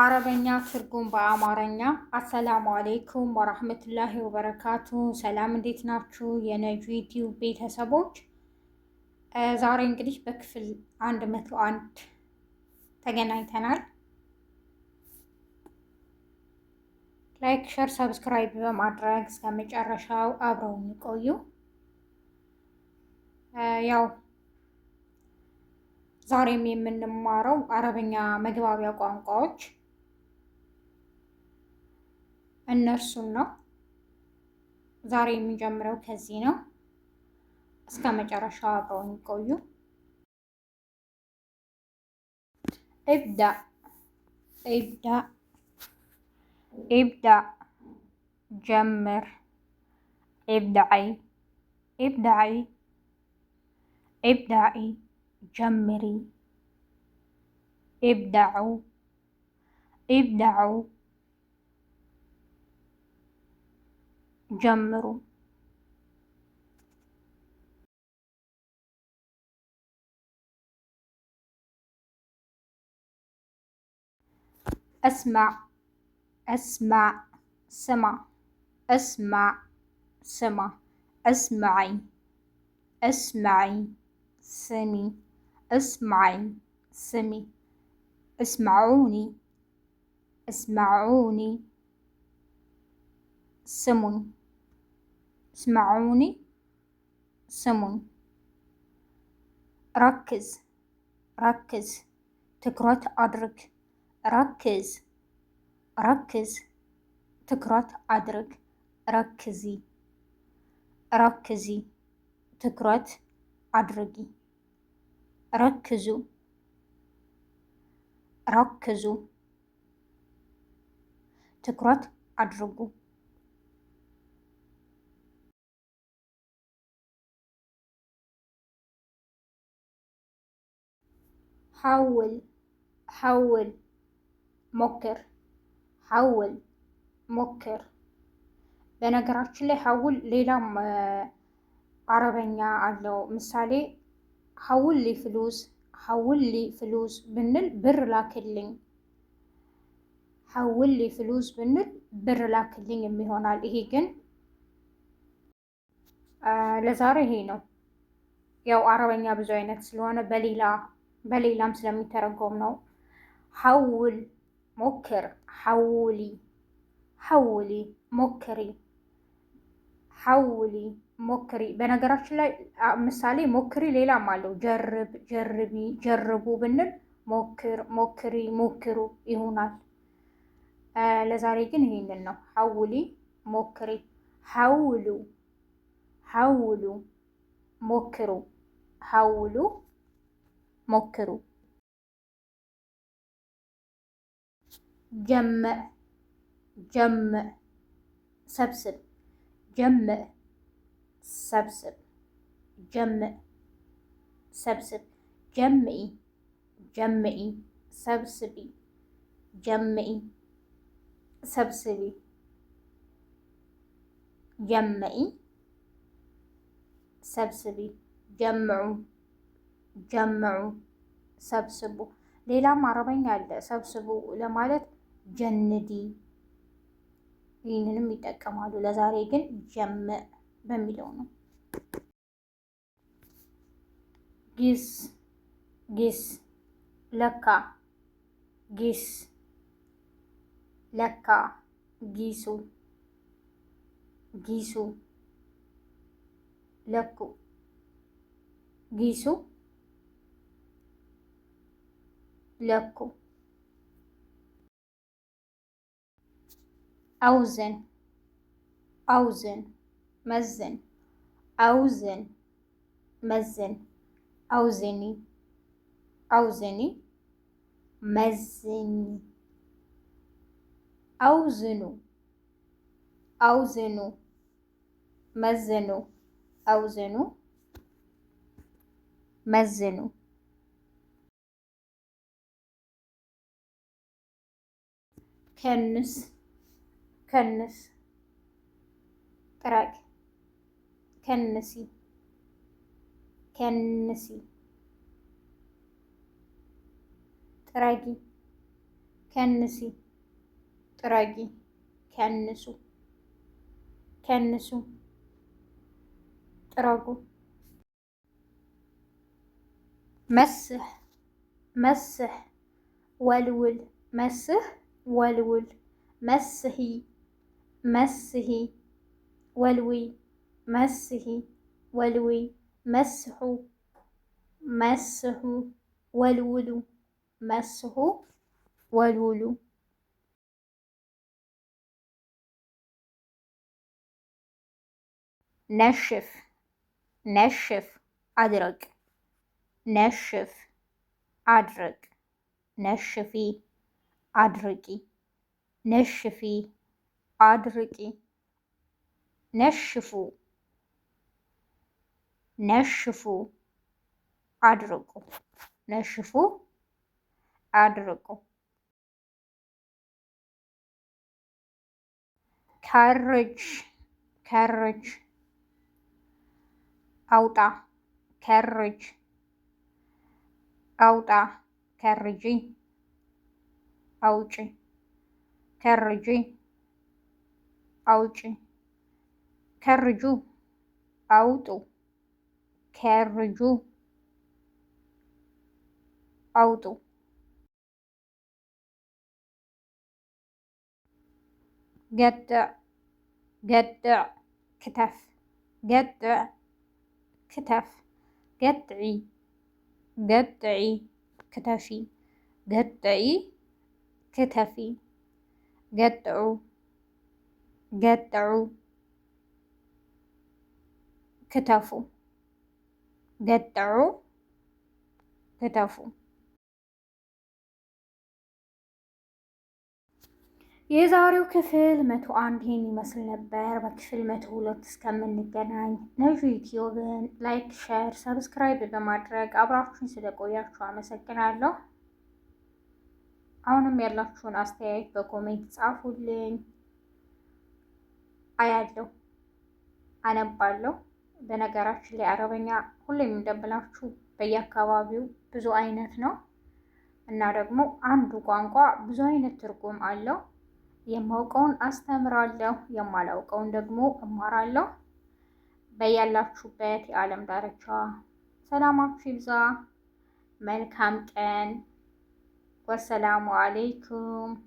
አረበኛ ትርጉም በአማርኛ። አሰላሙ አሌይኩም ወራህመቱላሂ ወበረካቱ። ሰላም እንዴት ናችሁ? የነጁ ዩቲዩብ ቤተሰቦች ዛሬ እንግዲህ በክፍል አንድ መቶ አንድ ተገናኝተናል። ላይክ፣ ሸር፣ ሰብስክራይብ በማድረግ እስከ መጨረሻው አብረው የሚቆዩ ያው ዛሬም የምንማረው አረበኛ መግባቢያ ቋንቋዎች እነርሱን ነው። ዛሬ የሚጀምረው ከዚህ ነው። እስከ መጨረሻው አብረውን ይቆዩ። ኢብዳ ኢብዳ ኢብዳ ጀምር ኢብዳይ ኢብዳይ ኢብዳይ ጀምሪ ኢብዳዑ ኢብዳዑ ጀምሩ أسمع أسمع سمع أسمع سمع أسمعي أسمعي سمي أسمعي سمي اسمعوني اسمعوني سمي ስማዑኒ ስሙኝ። ረክዝ ረክዝ ትኩረት አድርግ። ረክዝ ረክዝ ትኩረት አድርግ። ረክዚ ረክዚ ትኩረት አድርጊ። ረክዙ ረክዙ ትኩረት አድርጉ። ሐውል ሐውል ሞክር ሐውል ሞክር። በነገራችን ላይ ሐውል ሌላም አረበኛ አለው። ምሳሌ ሐውል ሊ ፍሉስ፣ ሐውል ሊ ፍሉስ ብንል ብር ላክልኝ፣ ሐውል ሊ ፍሉስ ብንል ብር ላክልኝ የሚሆናል። ይሄ ግን ለዛሬ ይሄ ነው። ያው አረበኛ ብዙ አይነት ስለሆነ በሌላ በሌላም ስለሚተረጎም ነው። ሐውል ሞክር፣ ሐውሊ ሐውሊ ሞክሪ፣ ሐውሊ ሞክሪ። በነገራችን ላይ ምሳሌ ሞክሪ ሌላም አለው። ጀርብ፣ ጀርቢ፣ ጀርቡ ብንል ሞክር፣ ሞክሪ፣ ሞክሩ ይሆናል። ለዛሬ ግን ይሄንን ነው። ሐውሊ ሞክሪ፣ ሐውሉ ሐውሉ ሞክሩ፣ ሐውሉ ሞክሩ። ጀመዕ ጀመዕ ሰብስብ ጀመዕ ሰብስብ ጀመዕ ሰብስብ ጀምዒ ጀምዒ ሰብስቢ ጀምዒ ሰብስቢ ጀምዒ ሰብስቢ ጀምዑ ጀምዑ ሰብስቡ። ሌላም አረበኛ አለ ሰብስቡ ለማለት ጀንዲ፣ ይህንንም ይጠቀማሉ። ለዛሬ ግን ጀምዕ በሚለው ነው። ጊስ ጊስ ለካ ጊስ ለካ ጊሱ ጊሱ ለኩ ጊሱ ለኩ አውዘን አውዘን መዘን አውዘን መዘን አውዘኒ አውዘኒ መዝኒ አውዝኑ አውዝኑ መዘኑ አውዘኑ መዘኑ ከንስ ከንስ ጥራቂ ከንሲ ከንሲ ጥራጊ ከንሲ ጥራጊ ከንሱ ከንሱ ጥራጉ መስህ መስህ ወልውል መስህ ولول مسه مسه ولوي مسه ولوي مسه مسه والول مسه والول نشف نشف أدرك نشف أدرك نشفي አድርቂ፣ ነሽፊ፣ አድርቂ፣ ነሽፉ፣ ነሽፉ፣ አድርቁ፣ ነሽፉ፣ አድርቁ። ከርጅ ከርጅ አውጣ ከርጅ አውጣ ከርጅኝ أوጪ ተርጂ أوጪ ተርጁ أوتو ተርጁ أوتو قطع قطع كتف قطع كتف قطعي قطعي كتفي قطعي ክትፊ፣ ገጥዑ፣ ገጥዑ፣ ክትፉ፣ ገጥዑ፣ ክትፉ። የዛሬው ክፍል መቶ አንድ ይህን ይመስል ነበር። በክፍል መቶ ሁለት እስከምንገናኝ ነጁ ዩቲዩብን ላይክ፣ ሸር፣ ሰብስክራይብ በማድረግ አብራችሁን ስለቆያችሁ አመሰግናለሁ። አሁንም ያላችሁን አስተያየት በኮሜንት ጻፉልኝ። አያለሁ፣ አነባለሁ። በነገራችን ላይ አረበኛ ሁሌም እንደምላችሁ በየአካባቢው ብዙ አይነት ነው እና ደግሞ አንዱ ቋንቋ ብዙ አይነት ትርጉም አለው። የማውቀውን አስተምራለሁ፣ የማላውቀውን ደግሞ እማራለሁ። በያላችሁበት የዓለም ዳርቻ ሰላማችሁ ይብዛ። መልካም ቀን والسلام عليكم